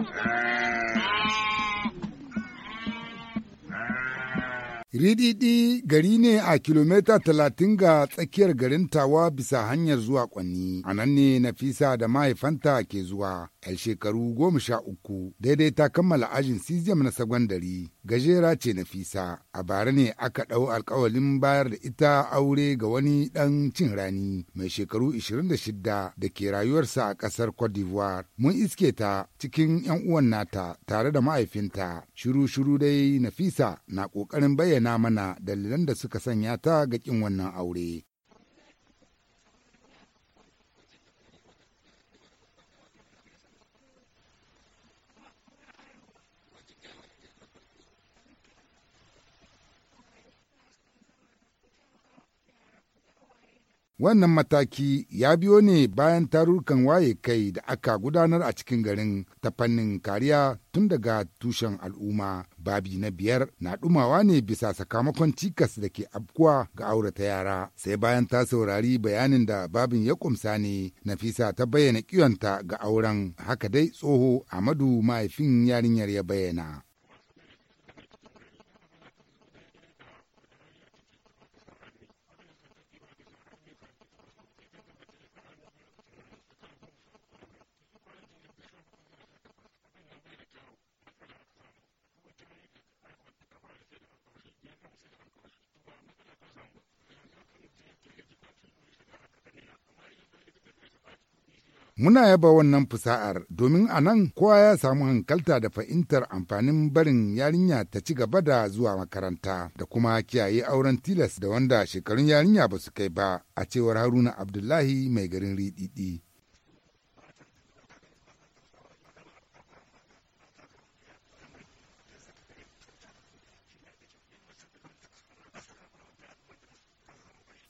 Yeah. Riɗiɗi gari ne a kilomita talatin ga tsakiyar garin Tawa bisa hanyar zuwa Kwanni. A nan ne Nafisa da mahaifanta ke zuwa, 'yar shekaru goma sha uku, daidai ta kammala ajin Sizem na sagwandari. Gajera ce Nafisa, a bara ne aka ɗau alkawalin bayar da ita aure ga wani ɗan cin rani mai shekaru 26 da ke rayuwarsa a ƙasar Cote d'Ivoire. Mun iske ta cikin 'yan uwan nata tare da mahaifinta, shiru-shiru dai Nafisa na ƙoƙarin bayyana bayyana mana dalilan da suka sanya ta ga kin wannan aure. Wannan mataki ya biyo ne bayan tarurrukan waye kai da aka gudanar a cikin garin ta fannin kariya tun daga tushen al'umma. Babi na biyar na ɗumawa ne bisa sakamakon cikas da ke abkuwa ga aurata yara. Sai bayan ta saurari bayanin da babin ya kumsa ne, Nafisa ta bayyana kiyonta ga auren. Haka dai tsoho Amadu mahaifin yarinyar ya bayyana. Muna yaba wannan fusa'ar domin a nan kowa ya samu hankalta da fahimtar amfanin barin yarinya ta ci gaba da zuwa makaranta da kuma kiyaye auren tilas da wanda shekarun yarinya ba su kai ba a cewar Haruna Abdullahi mai garin riɗiɗi.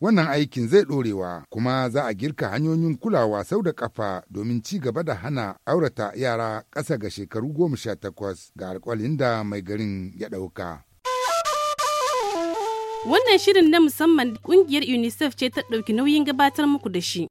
Wannan aikin zai ɗorewa kuma za a girka hanyoyin kulawa sau da ƙafa domin ci gaba da hana aurata yara ƙasa ga shekaru goma sha takwas ga alƙalin da mai garin ya ɗauka. Wannan shirin na musamman ƙungiyar UNICEF ce ta ɗauki nauyin gabatar muku da shi.